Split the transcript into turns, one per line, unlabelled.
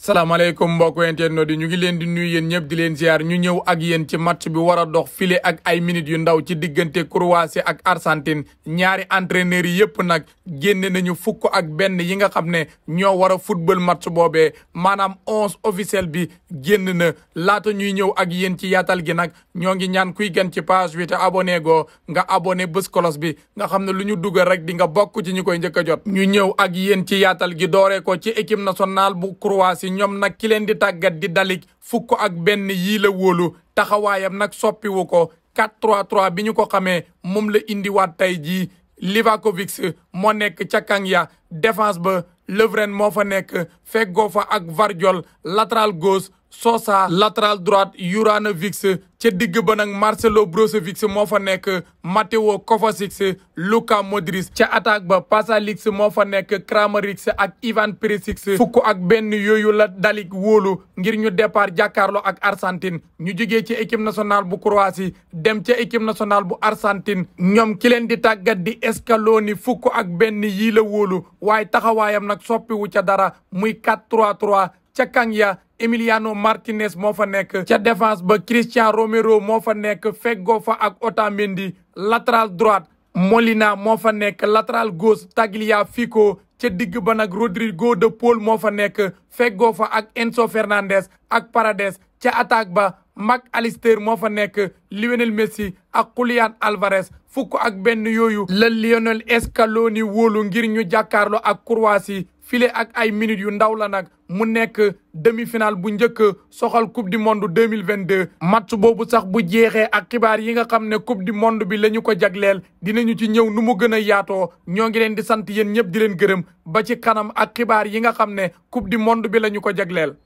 salaamaaleykum mbok internet di ñu ngi leen di nuyu yéen ñëpp di leen ziar ñu ñëw ak yéen ci match bi war a dox file ak ay minutes yu ndaw ci diggante Croatie ak Argentine ñaari entraîneurs yi yëpp nag génne nañu fukk ak benn yi nga xam ne ñoo war a football match boobee maanaam onze officiel bi génn na laata ñuy ñëw ak yéen ci yaatal gi nag ñoo ngi ñaan kuy gan ci page bi te abonné go nga abone bés kolos bi nga xam ne lu ñu dugal rek di nga bokk ci ñu koy njëkk a jot. ñu ñëw ak yéen ci yaatal gi dooree ko ci équipe nationale bu Croatie yi ñoom nag ki leen di tàggat di dalik fukk ak benn yii la wóolu taxawaayam nag soppiwu ko 4-3-3 bi ñu ko xamee moom la indiwaat tey jii Livakovic moo nekk ca kang ya défense ba Lovren moo fa nekk feggoo fa ak Vardiol latéral gauche Sosa latéral droite Juranović ca digg ba nag Marcelo Brozović moo fa nekk Mateo Kovacic Luka Modric ca attaque ba Pasalic moo fa nekk Kramaric ak Ivan Perisic fukk ak benn yooyu la Dalic woolu ngir ñu depart jàkkaarloo ak Argentine ñu jógee ci équipe nationale bu Croatie dem ca équipe nationale bu Argentine ñoom ki leen di tàggat di Scaloni fukk ak benn yii la wóolu waaye taxawaayam nag soppiwu ca dara muy 4-3-3 ca Kangya Emiliano Martinez moo fa nekk ca défense ba Christian Romero moo fa nekk feggoo fa ak Otamendi latéral droite Molina moo fa nekk latéral gauche Tagliafico ca digg ba nag Rodrigo de Paul moo fa nekk feggoo fa ak Enzo Fernandez ak Paredes ca attaque ba Mac Allister moo fa nekk Lionel Messi ak Julian Alvarez fukk ak benn yooyu la Lionel Scaloni wóolu ngir ñu jàkkaarloo ak Croatie file ak ay minutes yu ndaw la nag mu nekk demi-finale bu njëkk soxal coupe du monde deux mille vingt deux match boobu sax bu jeexee ak xibaar yi nga xam ne coupe du monde bi la ñu ko jagleel dinañu ci ñëw nu mu gën a yaatoo ñoo ngi leen di sant yéen ñëpp di leen gërëm ba ci kanam ak xibaar yi nga xam ne coupe du monde bi la ñu ko jagleel.